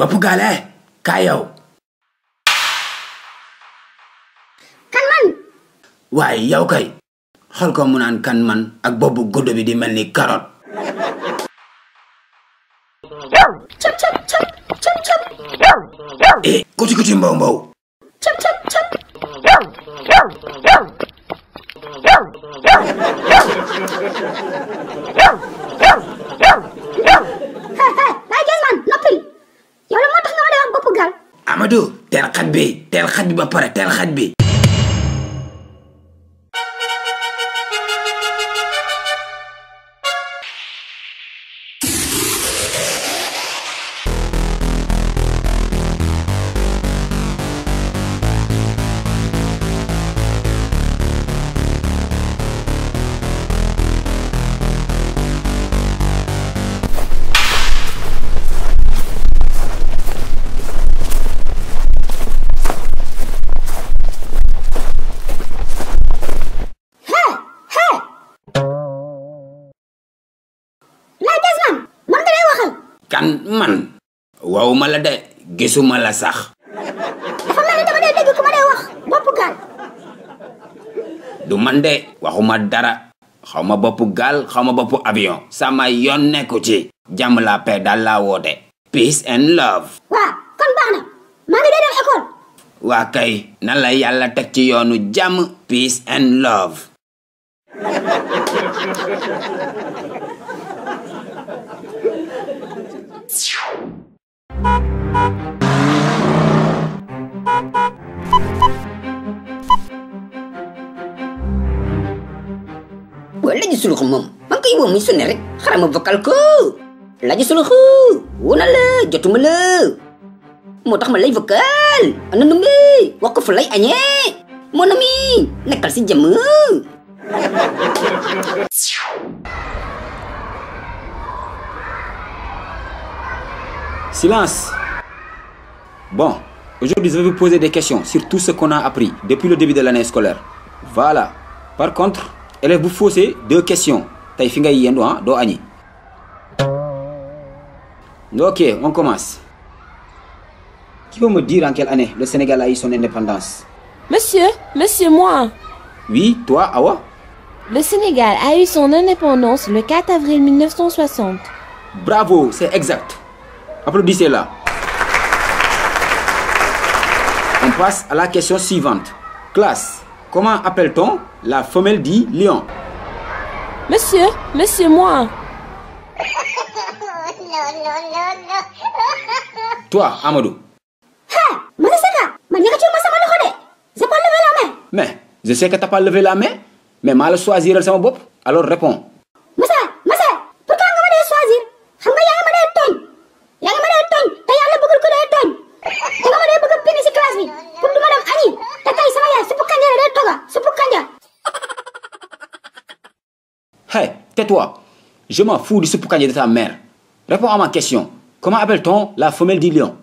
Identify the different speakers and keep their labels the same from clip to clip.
Speaker 1: bapu gaale kaay yow. kan man. waaye yow kay. xool mu naan kan man ak boobu guddo bi di mel ni carotte. cëp cëp cëp cëp cëp. eh kuti kuti mbow mbow. Amadou teel xat bi teel xat bi ba pare teel xat bi tan man wawuma la de gisuma la sax dafa mel dama dee dégg ku ma wax bopp gaal du man de waxuma dara xawma xawma avion sama yon nekku ci jam la paix peace and love waa kon baax na ngi dee dem école waa kay na la ci peace and love sulxumam man koy woo muy sunne rek xarama vocal ko laaj sulxu wona la jotuma la moo tax tak lay vokal. ana nu mi wax ko fu nami, añee mon ami si jàmm Silence. Bon, aujourd'hui je vais vous poser des questions sur tout ce qu'on a appris depuis le début de l'année scolaire. Voilà. Par contre, elle vous faussez deux questions. Taïfinga yendo, ah, do ani. Ok, on commence. Qui peut me dire en quelle année le Sénégal a eu son indépendance Monsieur, monsieur, moi. Oui, toi, Awa Le Sénégal a eu son indépendance le 4 avril 1960. Bravo, c'est exact. Applaudissez-la. On passe à la question suivante. Classe, comment appelle-t-on la femelle dit lion Monsieur, monsieur, moi. non, non, non, non. Toi, Amadou. Mais, je sais que tu n'as pas levé la main, mais mal choisir le bop. Alors réponds. toi Je m'en fous du soupe est de ta mère. Réponds à ma question. Comment appelle-t-on la femelle du lion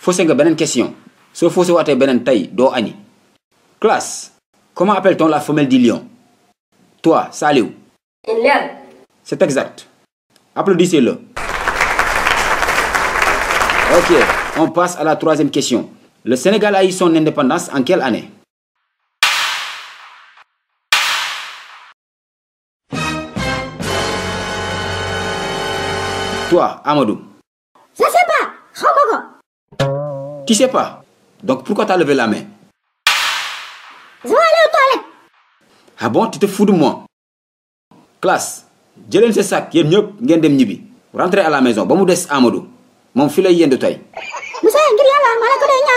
Speaker 1: Faussé nga une question soo faussé waatee une tey classe comment appelle-t-on la femelle du lion. toi salut. où Lion. c'est exact. applaudissez-le. ok on passe à la troisième question. le Sénégal a eu son indépendance en quelle année. Toi, Amadou. Je sais pas. Tu sais pas. Donc pourquoi t'as levé la main Je vais aller aux toilettes. Ah bon, tu te fous de moi Classe, j'ai jëleen ce sacs mieux ñëpp ngeen dem Vous rentrez à la maison ba mu des Amadou mon filet lay yéen de Moussa ngir yàlla maa